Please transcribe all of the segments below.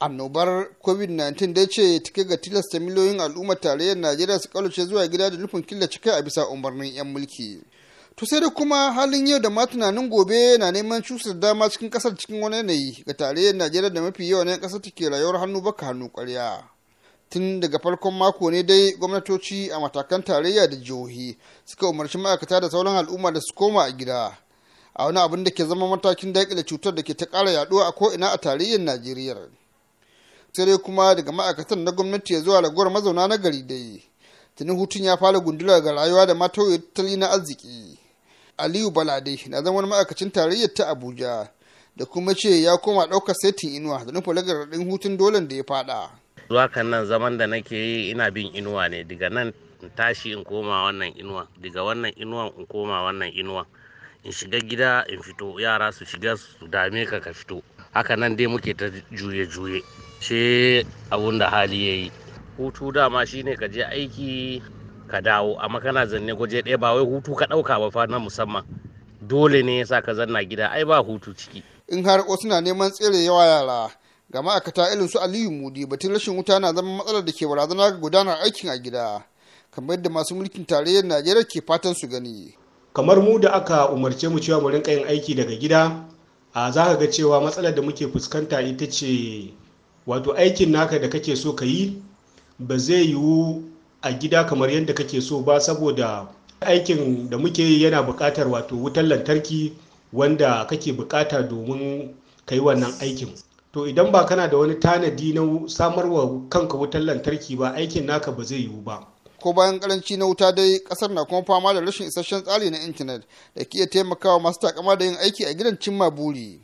annobar covid-19 da ce take ga tilasta miliyoyin al'ummar tarayyar najeriya su kalushe zuwa gida da nufin killace kai a bisa umarnin 'yan mulki to sai da kuma halin yau da ma tunanin gobe na neman cusar dama cikin kasar cikin wani yanayi ga tarayyar najeriya da mafi yawa na kasar take rayuwar hannu baka hannu kwarya tun daga farkon mako ne dai gwamnatoci a matakan tarayya da jihohi suka umarci ma'aikata da sauran al'umma da su koma a gida a wani abin da ke zama matakin daƙile cutar da ke ta ƙara yaɗuwa a ko'ina a tarayyar najeriya sai dai kuma daga ma'aikatan na gwamnati ya zuwa ragowar mazauna na gari dai tuni hutun ya fara gundula ga rayuwa da mata tattali na arziki aliyu balade na zama wani ma'aikacin tarayyar ta abuja da kuma ce ya koma ɗaukar setin inuwa da nufin ragarraɗin hutun dole da ya fada. zuwa kan nan zaman da nake yi ina bin inuwa ne daga nan in tashi in koma wannan inuwa daga wannan inuwa in koma wannan inuwa in shiga gida in fito yara su shiga su dame ka ka fito haka nan dai muke ta juye-juye Shi abun da hali ya yi hutu dama shine ka je aiki ka dawo amma kana zanne gwaje ɗaya ba wai hutu ka ɗauka ba fa na musamman dole ne yasa ka zanna gida ai ba hutu ciki in har ko na neman tsere yawa yara ga ma'aikata irin su aliyu mudi batun rashin wuta na zama matsalar da ke barazana ga gudanar aikin a gida kamar yadda masu mulkin tarayyar najeriya ke fatan su gani kamar mu da aka umarce mu cewa mu rinka yin aiki daga gida a za ga cewa matsalar da muke fuskanta ita ce wato aikin naka da kake so ka yi ba zai yiwu a gida kamar yadda kake so ba saboda aikin da muke yi yana buƙatar wato wutar lantarki wanda kake buƙata domin ka yi wannan aikin to idan ba kana da wani tanadi na samarwa kanka wutar lantarki ba aikin naka ba zai yiwu ba ko bayan karanci na wuta dai kasar na kuma fama da rashin isasshen tsari na intanet da ke taimakawa masu takama da yin aiki a gidan cimma buri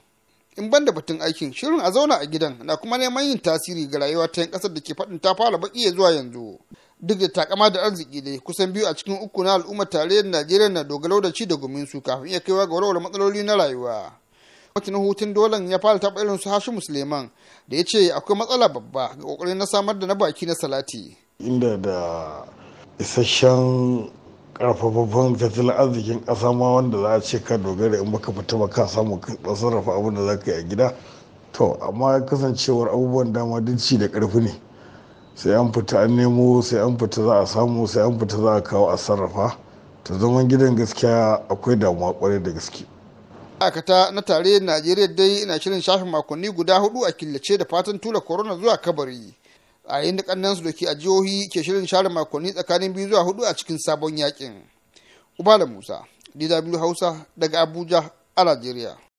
in banda batun aikin shirin a zauna a gidan na kuma neman yin tasiri ga rayuwa ta yan kasar da ke faɗin ta fara baki ya zuwa yanzu duk da takama da arziki dai kusan biyu a cikin uku na al'ummar tarayyar najeriya na dogaro da ci da gumin su kafin iya kaiwa ga warware matsaloli na rayuwa kwamitin hutun dolan ya fara taɓa irin su hashi musulman da ya ce akwai matsala babba ga kokarin na samar da na baki na salati inda da isasshen karfafafan tattalin arzikin ƙasa ma wanda za a ce ka dogara in baka fita ba ka samu ka sarrafa abin da za ka yi a gida to amma kasancewar abubuwan dama duk ci da ƙarfi ne sai an fita an nemo sai an fita za a samu sai an fita za a kawo a sarrafa ta zaman gidan gaskiya akwai damuwa kwarai da gaske akata na tare najeriya dai ina shirin shafin makonni guda hudu a killace da fatan tura corona zuwa kabari a yayin da kannan su doki a jihohi ke shirin share makonni tsakanin biyu zuwa hudu a cikin sabon yakin ubala musa dw hausa daga abuja a najeriya